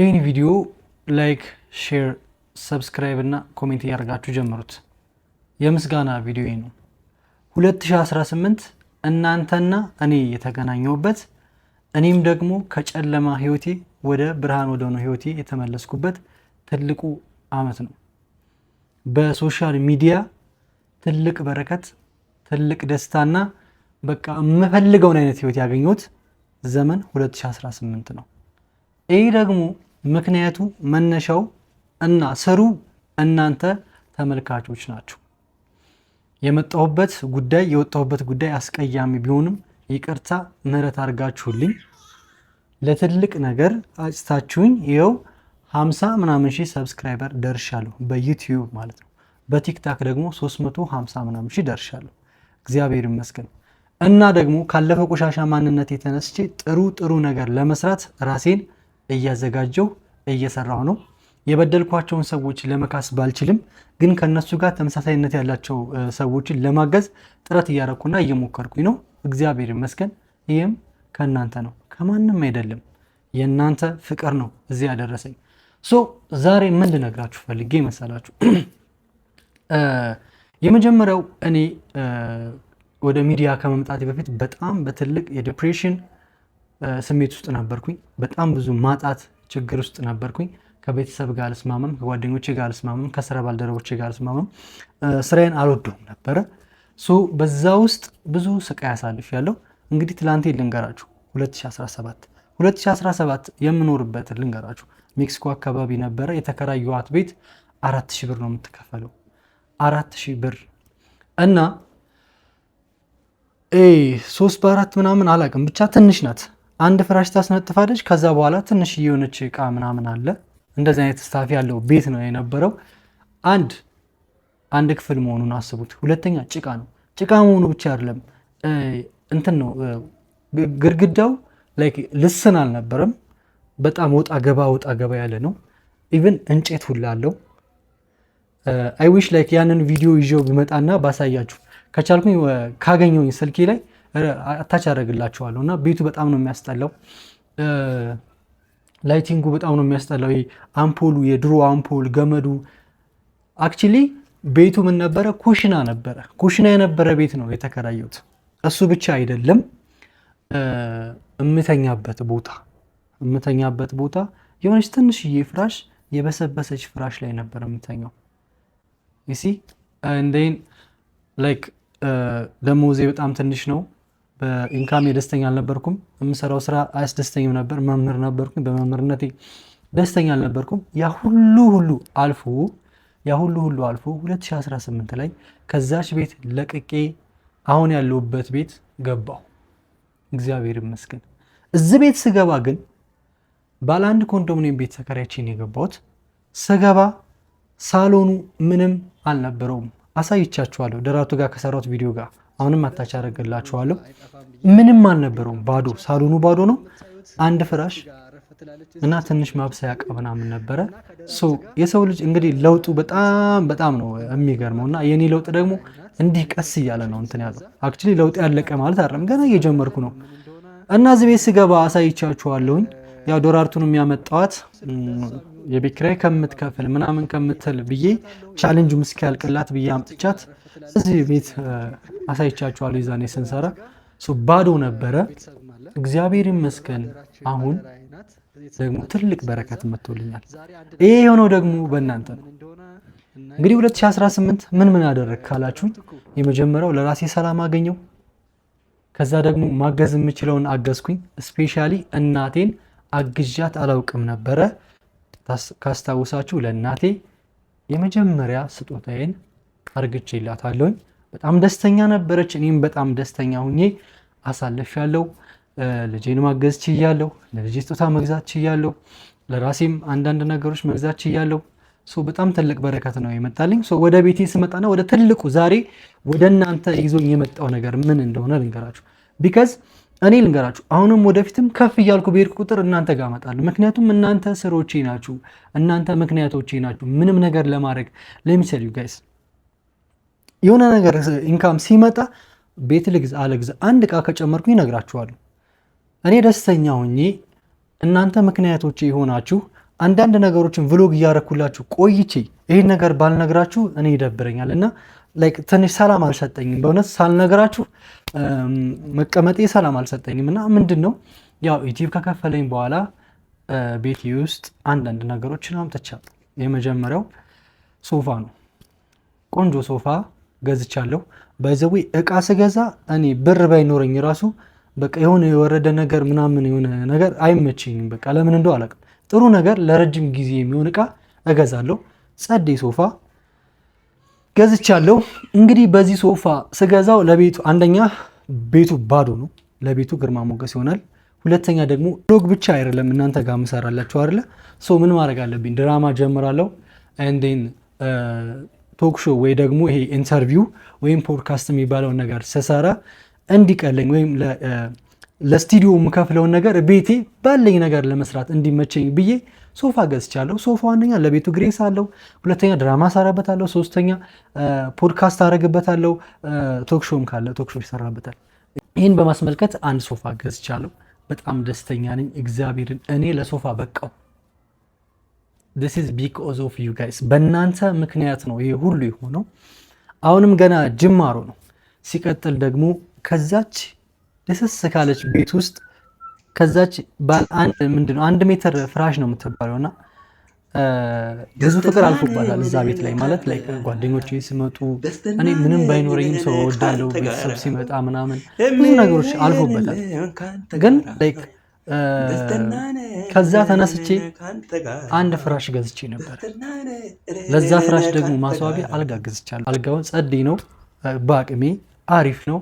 ይህን ቪዲዮ ላይክ፣ ሼር፣ ሰብስክራይብ እና ኮሜንት እያደርጋችሁ ጀምሩት። የምስጋና ቪዲዮ ነው። 2018 እናንተና እኔ የተገናኘሁበት እኔም ደግሞ ከጨለማ ህይወቴ ወደ ብርሃን ወደ ሆነው ህይወቴ የተመለስኩበት ትልቁ አመት ነው። በሶሻል ሚዲያ ትልቅ በረከት፣ ትልቅ ደስታና በቃ የምፈልገውን አይነት ህይወት ያገኘሁት ዘመን 2018 ነው። ይህ ደግሞ ምክንያቱ መነሻው እና ስሩ እናንተ ተመልካቾች ናችሁ። የመጣሁበት ጉዳይ የወጣሁበት ጉዳይ አስቀያሚ ቢሆንም ይቅርታ ምህረት አድርጋችሁልኝ ለትልቅ ነገር አጭታችሁኝ ይኸው ሀምሳ ምናምን ሺህ ሰብስክራይበር ደርሻለሁ በዩትዩብ ማለት ነው። በቲክታክ ደግሞ 350 ምናምን ሺህ ደርሻለሁ። እግዚአብሔር ይመስገን። እና ደግሞ ካለፈ ቆሻሻ ማንነት የተነስቼ ጥሩ ጥሩ ነገር ለመስራት ራሴን እያዘጋጀው እየሰራሁ ነው። የበደልኳቸውን ሰዎች ለመካስ ባልችልም፣ ግን ከእነሱ ጋር ተመሳሳይነት ያላቸው ሰዎችን ለማገዝ ጥረት እያረኩና እየሞከርኩኝ ነው። እግዚአብሔር ይመስገን። ይህም ከእናንተ ነው፣ ከማንም አይደለም። የእናንተ ፍቅር ነው እዚህ ያደረሰኝ። ሶ ዛሬ ምን ልነግራችሁ ፈልጌ መሰላችሁ? የመጀመሪያው እኔ ወደ ሚዲያ ከመምጣቴ በፊት በጣም በትልቅ የዲፕሬሽን ስሜት ውስጥ ነበርኩኝ። በጣም ብዙ ማጣት ችግር ውስጥ ነበርኩኝ። ከቤተሰብ ጋር አልስማምም፣ ከጓደኞች ጋር አልስማምም፣ ከስራ ባልደረቦች ጋር አልስማምም። ስራዬን አልወደውም ነበረ። በዛ ውስጥ ብዙ ስቃይ አሳልፍ ያለው እንግዲህ ትላንቴ ልንገራችሁ 2017 2017 የምኖርበት ልንገራችሁ ሜክሲኮ አካባቢ ነበረ። የተከራየዋት ቤት አራት ሺህ ብር ነው የምትከፈለው፣ አራት ሺህ ብር እና ሶስት በአራት ምናምን አላውቅም ብቻ ትንሽ ናት። አንድ ፍራሽ ታስነጥፋለች። ከዛ በኋላ ትንሽ የሆነች እቃ ምናምን አለ። እንደዚህ አይነት ስታፊ ያለው ቤት ነው የነበረው። አንድ አንድ ክፍል መሆኑን አስቡት። ሁለተኛ ጭቃ ነው። ጭቃ መሆኑ ብቻ አይደለም እንትን ነው ግድግዳው ላይክ ልስን አልነበረም። በጣም ወጣ ገባ ወጣ ገባ ያለ ነው። ኢቨን እንጨት ሁላ አለው። አይዊሽ ላይክ ያንን ቪዲዮ ይዤው ብመጣና ባሳያችሁ ከቻልኩኝ ካገኘውኝ ስልኬ ላይ አታች ያደረግላቸዋለሁ እና ቤቱ በጣም ነው የሚያስጠላው። ላይቲንጉ በጣም ነው የሚያስጠላው። አምፖሉ፣ የድሮ አምፖል ገመዱ። አክቹሊ ቤቱ ምን ነበረ? ኩሽና ነበረ። ኩሽና የነበረ ቤት ነው የተከራየሁት። እሱ ብቻ አይደለም፣ እምተኛበት ቦታ እምተኛበት ቦታ የሆነች ትንሽዬ ፍራሽ የበሰበሰች ፍራሽ ላይ ነበር የምተኛው። ይሲ እንደይን ላይክ ደሞዜ በጣም ትንሽ ነው። በኢንካሜ ደስተኛ አልነበርኩም። የምሰራው ስራ አያስደስተኝም ነበር። መምህር ነበርኩኝ። በመምህርነቴ ደስተኛ አልነበርኩም። ያ ሁሉ ሁሉ አልፎ ያ ሁሉ ሁሉ አልፎ 2018 ላይ ከዛች ቤት ለቅቄ አሁን ያለሁበት ቤት ገባሁ። እግዚአብሔር ይመስገን። እዚህ ቤት ስገባ ግን ባለ አንድ ኮንዶሚኒየም ቤት ተከራይቼን የገባሁት። ስገባ ሳሎኑ ምንም አልነበረውም። አሳይቻችኋለሁ ደራቱ ጋር ከሰራሁት ቪዲዮ ጋር አሁንም አታች አደረግላችኋለሁ። ምንም አልነበረውም። ባዶ ሳሎኑ ባዶ ነው። አንድ ፍራሽ እና ትንሽ ማብሰያ ዕቃ ምናምን ነበረ። የሰው ልጅ እንግዲህ ለውጡ በጣም በጣም ነው የሚገርመው እና የኔ ለውጥ ደግሞ እንዲህ ቀስ እያለ ነው እንትን ያለው። አክቹዋሊ ለውጥ ያለቀ ማለት አይደለም፣ ገና እየጀመርኩ ነው እና እዚህ ቤት ስገባ አሳይቻችኋለሁኝ። ያው ዶራርቱን የሚያመጣዋት የቤት ኪራይ ከምትከፍል ምናምን ከምትል ብዬ ቻሌንጁም እስኪያልቅላት ብዬ አምጥቻት እዚህ ቤት አሳይቻችኋለሁ። ይዛኔ ስንሰራ ባዶ ነበረ። እግዚአብሔር ይመስገን አሁን ደግሞ ትልቅ በረከት መጥቶልኛል። ይሄ የሆነው ደግሞ በእናንተ ነው። እንግዲህ 2018 ምን ምን አደረግ ካላችሁ የመጀመሪያው ለራሴ ሰላም አገኘው። ከዛ ደግሞ ማገዝ የምችለውን አገዝኩኝ። ስፔሻሊ እናቴን አግዣት አላውቅም ነበረ። ካስታውሳችሁ ለእናቴ የመጀመሪያ ስጦታዬን አርግቼላታለሁኝ። በጣም ደስተኛ ነበረች። እኔም በጣም ደስተኛ ሁኜ አሳልፌያለሁ። ልጄን ማገዝ ችያለሁ። ለልጄ ስጦታ መግዛት ችያለሁ። ለራሴም አንዳንድ ነገሮች መግዛት ችያለሁ። ሶ በጣም ትልቅ በረከት ነው የመጣልኝ። ወደ ቤቴ ስመጣና ወደ ትልቁ ዛሬ ወደ እናንተ ይዞኝ የመጣው ነገር ምን እንደሆነ ልንገራችሁ ቢከዝ እኔ ልንገራችሁ አሁንም ወደፊትም ከፍ እያልኩ በሄድኩ ቁጥር እናንተ ጋር እመጣለሁ። ምክንያቱም እናንተ ስሮቼ ናችሁ፣ እናንተ ምክንያቶቼ ናችሁ። ምንም ነገር ለማድረግ ለሚሰል ዩ ጋይስ የሆነ ነገር ኢንካም ሲመጣ ቤት ልግዛ አልግዛ አንድ ዕቃ ከጨመርኩ ይነግራችኋሉ። እኔ ደስተኛ ሆኜ እናንተ ምክንያቶቼ የሆናችሁ አንዳንድ ነገሮችን ቭሎግ እያረኩላችሁ ቆይቼ ይህን ነገር ባልነግራችሁ እኔ ይደብረኛል እና ላይክ ትንሽ ሰላም አልሰጠኝም። በእውነት ሳልነገራችሁ መቀመጤ ሰላም አልሰጠኝም። እና ምንድን ነው ያው ዩቲዩብ ከከፈለኝ በኋላ ቤቴ ውስጥ አንዳንድ ነገሮችን አምጥቻለሁ። የመጀመሪያው ሶፋ ነው። ቆንጆ ሶፋ ገዝቻለሁ። ባይዘዌ እቃ ስገዛ እኔ ብር ባይኖረኝ ራሱ በቃ የሆነ የወረደ ነገር ምናምን የሆነ ነገር አይመችኝም። በቃ ለምን እንደው አላውቅም። ጥሩ ነገር ለረጅም ጊዜ የሚሆን እቃ እገዛለሁ። ጸዴ ሶፋ ገዝቻለሁ። እንግዲህ በዚህ ሶፋ ስገዛው ለቤቱ አንደኛ ቤቱ ባዶ ነው፣ ለቤቱ ግርማ ሞገስ ይሆናል። ሁለተኛ ደግሞ ሎግ ብቻ አይደለም እናንተ ጋር ምሰራላችሁ አይደለ? ሶ ምን ማድረግ አለብኝ? ድራማ ጀምራለሁ ንን ቶክ uh, ወይ ደግሞ ይሄ ኢንተርቪው ወይም ፖድካስት የሚባለውን ነገር ስሰራ እንዲቀለኝ ወይም uh, ለስቱዲዮ የምከፍለውን ነገር ቤቴ ባለኝ ነገር ለመስራት እንዲመቸኝ ብዬ ሶፋ ገዝቻለሁ። ሶፋ አንደኛ ለቤቱ ግሬስ አለው፣ ሁለተኛ ድራማ ሰራበታለሁ፣ ሶስተኛ ፖድካስት አደረግበታለሁ፣ ቶክሾም ካለ ቶክሾ ይሰራበታል። ይህን በማስመልከት አንድ ሶፋ ገዝቻለሁ። በጣም ደስተኛ ነኝ። እግዚአብሔርን እኔ ለሶፋ በቃው። ኢዝ ቢኮዝ ኦፍ ዩ ጋይስ፣ በእናንተ ምክንያት ነው ይሄ ሁሉ የሆነው። አሁንም ገና ጅማሮ ነው። ሲቀጥል ደግሞ ከዛች ልስስ ካለች ቤት ውስጥ ከዛች ምንድነው አንድ ሜትር ፍራሽ ነው የምትባለው እና ብዙ ፍቅር አልፎባታል እዛ ቤት ላይ ማለት ላይ ጓደኞች ሲመጡ እኔ ምንም ባይኖረኝም ሰው ወዳለው ቤተሰብ ሲመጣ ምናምን ብዙ ነገሮች አልፎበታል። ግን ከዛ ተነስቼ አንድ ፍራሽ ገዝቼ ነበር። ለዛ ፍራሽ ደግሞ ማስዋቢያ አልጋ ገዝቻለሁ። አልጋውን ጸድ ነው፣ በአቅሜ አሪፍ ነው።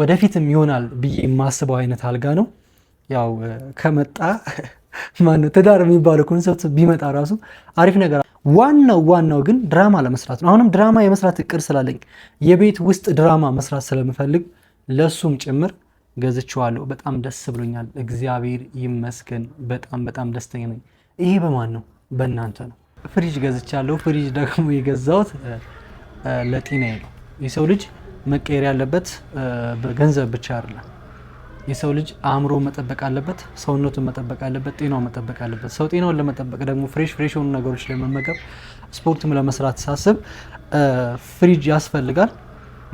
ወደፊትም ይሆናል ብዬ የማስበው አይነት አልጋ ነው። ያው ከመጣ ማነው ትዳር የሚባለው ኮንሰፕት ቢመጣ ራሱ አሪፍ ነገር። ዋናው ዋናው ግን ድራማ ለመስራት ነው። አሁንም ድራማ የመስራት እቅድ ስላለኝ የቤት ውስጥ ድራማ መስራት ስለምፈልግ ለሱም ጭምር ገዝቼዋለሁ። በጣም ደስ ብሎኛል። እግዚአብሔር ይመስገን። በጣም በጣም ደስተኛ ነኝ። ይሄ በማን ነው? በእናንተ ነው። ፍሪጅ ገዝቻለሁ። ፍሪጅ ደግሞ የገዛሁት ለጤናዬ ነው። የሰው ልጅ መቀየር ያለበት በገንዘብ ብቻ አይደለም። የሰው ልጅ አእምሮ መጠበቅ አለበት፣ ሰውነቱን መጠበቅ አለበት፣ ጤናውን መጠበቅ አለበት። ሰው ጤናውን ለመጠበቅ ደግሞ ፍሬሽ ፍሬሽ የሆኑ ነገሮች ለመመገብ ስፖርትም ለመስራት ሳስብ ፍሪጅ ያስፈልጋል።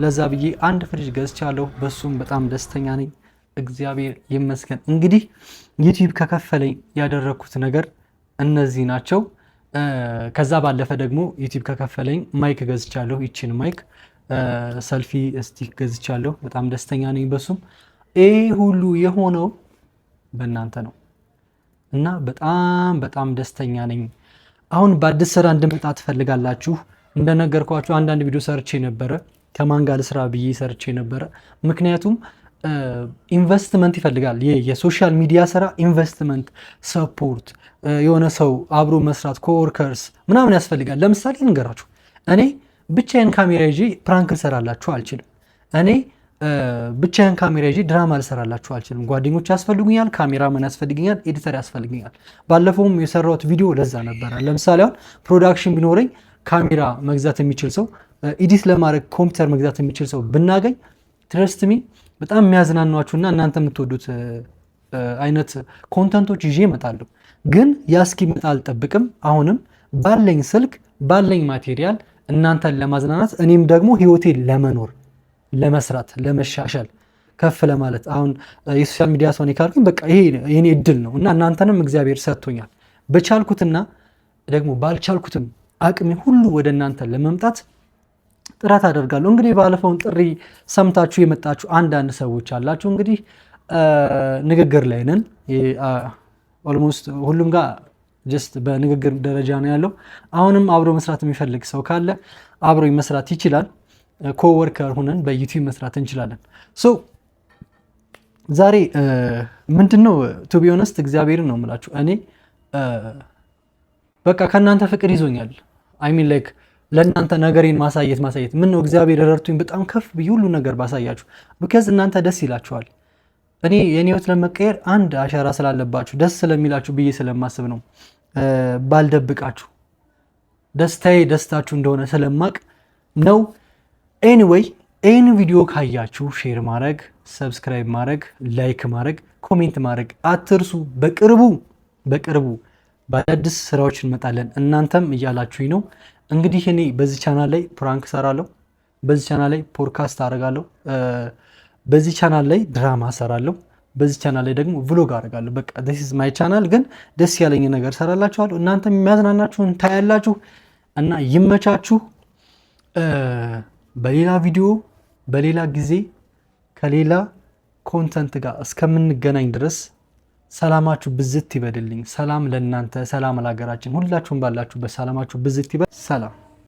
ለዛ ብዬ አንድ ፍሪጅ ገዝቻለሁ። በሱም በጣም ደስተኛ ነኝ። እግዚአብሔር ይመስገን። እንግዲህ ዩቲዩብ ከከፈለኝ ያደረግኩት ነገር እነዚህ ናቸው። ከዛ ባለፈ ደግሞ ዩቲዩብ ከከፈለኝ ማይክ ገዝቻለሁ። ይችን ማይክ ሰልፊ ስቲክ ገዝቻለሁ። በጣም ደስተኛ ነኝ በሱም። ይሄ ሁሉ የሆነው በእናንተ ነው እና በጣም በጣም ደስተኛ ነኝ። አሁን በአዲስ ስራ እንድመጣ ትፈልጋላችሁ። እንደነገርኳችሁ አንዳንድ ቪዲዮ ሰርቼ ነበረ፣ ከማን ጋር ልስራ ብዬ ሰርቼ ነበረ። ምክንያቱም ኢንቨስትመንት ይፈልጋል። የሶሻል ሚዲያ ስራ ኢንቨስትመንት፣ ሰፖርት፣ የሆነ ሰው አብሮ መስራት፣ ኮወርከርስ ምናምን ያስፈልጋል። ለምሳሌ ንገራችሁ እኔ ብቻዬን ካሜራ ይዤ ፕራንክ ልሰራላችሁ አልችልም። እኔ ብቻዬን ካሜራ ይዤ ድራማ ልሰራላችሁ አልችልም። ጓደኞች ያስፈልጉኛል፣ ካሜራማን ያስፈልግኛል፣ ኤዲተር ያስፈልገኛል። ባለፈውም የሰራሁት ቪዲዮ ለዛ ነበረ። ለምሳሌ አሁን ፕሮዳክሽን ቢኖረኝ ካሜራ መግዛት የሚችል ሰው፣ ኢዲት ለማድረግ ኮምፒውተር መግዛት የሚችል ሰው ብናገኝ ትረስትሚ በጣም የሚያዝናኗችሁና እናንተ የምትወዱት አይነት ኮንተንቶች ይዤ እመጣለሁ። ግን ያ እስኪመጣ አልጠብቅም። አሁንም ባለኝ ስልክ ባለኝ ማቴሪያል እናንተን ለማዝናናት እኔም ደግሞ ህይወቴን ለመኖር ለመስራት፣ ለመሻሻል፣ ከፍ ለማለት አሁን የሶሻል ሚዲያ ሰው ካልኩኝ በቃ ይሄ የኔ እድል ነው እና እናንተንም እግዚአብሔር ሰጥቶኛል። በቻልኩትና ደግሞ ባልቻልኩትም አቅሜ ሁሉ ወደ እናንተ ለመምጣት ጥረት አደርጋለሁ። እንግዲህ ባለፈውን ጥሪ ሰምታችሁ የመጣችሁ አንዳንድ ሰዎች አላችሁ። እንግዲህ ንግግር ላይ ነን ኦልሞስት ሁሉም ጋር ጀስት በንግግር ደረጃ ነው ያለው። አሁንም አብሮ መስራት የሚፈልግ ሰው ካለ አብሮ መስራት ይችላል። ኮወርከር ሁነን በዩቲዩብ መስራት እንችላለን። ሶ ዛሬ ምንድን ነው ቱ ቢ ኦነስት እግዚአብሔርን ነው የምላችሁ እኔ በቃ ከእናንተ ፍቅር ይዞኛል። ሚን ላይክ ለእናንተ ነገሬን ማሳየት ማሳየት ምን ነው እግዚአብሔር ረድቱኝ በጣም ከፍ ብዬ ሁሉ ነገር ባሳያችሁ ብከዝ እናንተ ደስ ይላችኋል። እኔ የኔ ህይወት ለመቀየር አንድ አሻራ ስላለባችሁ ደስ ስለሚላችሁ ብዬ ስለማስብ ነው። ባልደብቃችሁ ደስታዬ ደስታችሁ እንደሆነ ስለማቅ ነው። ኤኒዌይ ይህን ቪዲዮ ካያችሁ ሼር ማድረግ፣ ሰብስክራይብ ማድረግ፣ ላይክ ማድረግ፣ ኮሜንት ማድረግ አትርሱ። በቅርቡ በቅርቡ በአዳዲስ ስራዎች እንመጣለን። እናንተም እያላችሁኝ ነው። እንግዲህ እኔ በዚህ ቻናል ላይ ፕራንክ ሰራለሁ፣ በዚህ ቻናል ላይ ፖድካስት አደርጋለሁ፣ በዚህ ቻናል ላይ ድራማ ሰራለሁ። በዚህ ቻናል ላይ ደግሞ ቭሎግ አደርጋለሁ። በቃ ስ ማይ ቻናል ግን ደስ ያለኝ ነገር ሰራላችኋለሁ። እናንተ የሚያዝናናችሁን ታያላችሁ እና ይመቻችሁ። በሌላ ቪዲዮ በሌላ ጊዜ ከሌላ ኮንተንት ጋር እስከምንገናኝ ድረስ ሰላማችሁ ብዝት ይበድልኝ። ሰላም ለእናንተ፣ ሰላም ለሀገራችን። ሁላችሁም ባላችሁበት ሰላማችሁ ብዝት ይበል። ሰላም